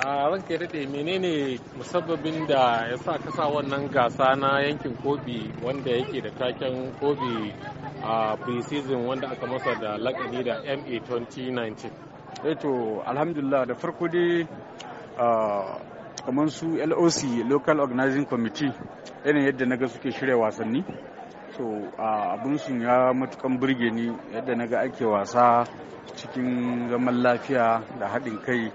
a ranka daɗe menene musabbabin da ya sa kasa wannan gasa na yankin kobi wanda yake da taken kobi a pre-season wanda aka masa da lakabi da ma 2019 eto alhamdulillah da farko dai kamar su loc local organizing committee yanayin yadda na ga suke shirya wasanni so abinsu ya matukan burge ni yadda na ga ake wasa cikin zaman lafiya da haɗin kai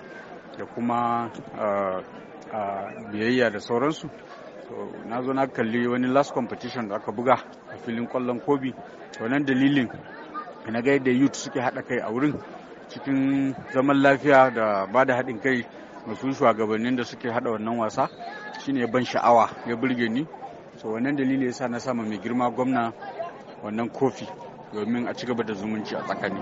da kuma a biyayya da sauransu na zo na kalli wani last competition da aka buga a filin kwallon kobi wannan dalilin na ga yadda youth suke haɗa kai a wurin cikin zaman lafiya da ba da haɗin kai masu shugabannin da suke haɗa wannan wasa shine ban sha'awa ya burge ni so wannan dalili yasa na sama mai girma gwamna wannan kofi domin a ci gaba da zumunci a tsakani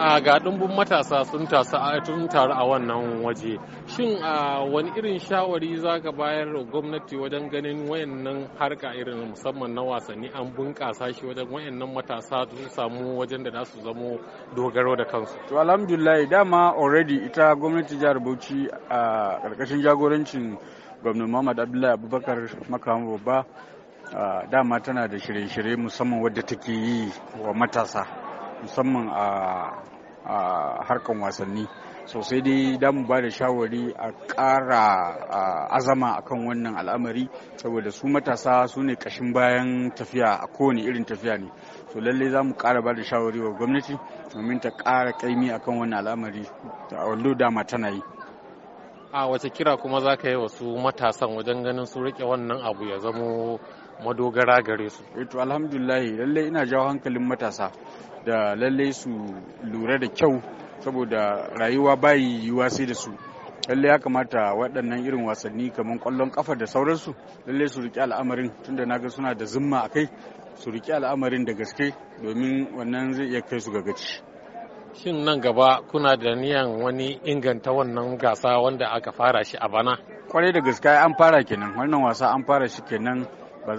a ga ɗumbin matasa sun taru a wannan waje shin a wani irin shawari za ka bayar da gwamnati wajen ganin wayannan harka irin musamman na wasanni an bunƙasa shi wajen wayannan matasa sun samu wajen da su zamo dogaro da kansu to alhamdulillah dama already ita gwamnati jihar bauchi a ƙarƙashin jagorancin gwamnan muhammad abdullahi abubakar makamu babba dama tana da shirye-shirye musamman wadda take yi wa matasa musamman a harkan wasanni sosai dai da mu ba da shawari a ƙara azama akan wannan al'amari saboda su matasa su ne ƙashin bayan tafiya a kowane irin tafiya ne so lalle za mu ƙara ba da shawari wa gwamnati domin ta ƙara ƙaimi akan wannan al'amari wallo dama tana yi a wace kira kuma za ka yi wasu matasan wajen ganin su rike wannan abu ya zamo madogara gare su. Eh, to alhamdulillahi lallai ina jawo hankalin matasa da lallai su lura da kyau saboda rayuwa bayi yiwuwa sai da su lallai ya kamata waɗannan irin wasanni kamar ƙwallon ƙafa da sauransu lallai su riƙe al'amarin tunda na ga suna da zimma a kai su riƙe al'amarin da gaske domin wannan zai iya kai su ga gaci. shin nan gaba kuna da niyan wani inganta wannan gasa wanda aka fara shi a bana kwarai da gaske an fara kenan wannan wasa an fara shi kenan ba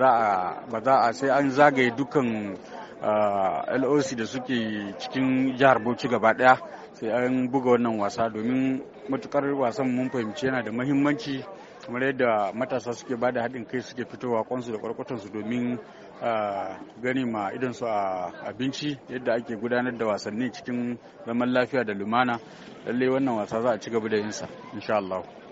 za a sai an zagaye dukkan ah, loc da suke cikin jihar bauchi gaba daya sai an buga wannan wasa domin matukar wasan mun fahimci yana da mahimmanci kamar yadda matasa suke ba da haɗin kai suke fitowa kwansu da kwarkwatansu domin ah, gani ma idan su a abinci yadda ake gudanar da wasanni cikin zaman lafiya da lumana lallai wannan wasa za a ci gaba da yinsa insha Allah.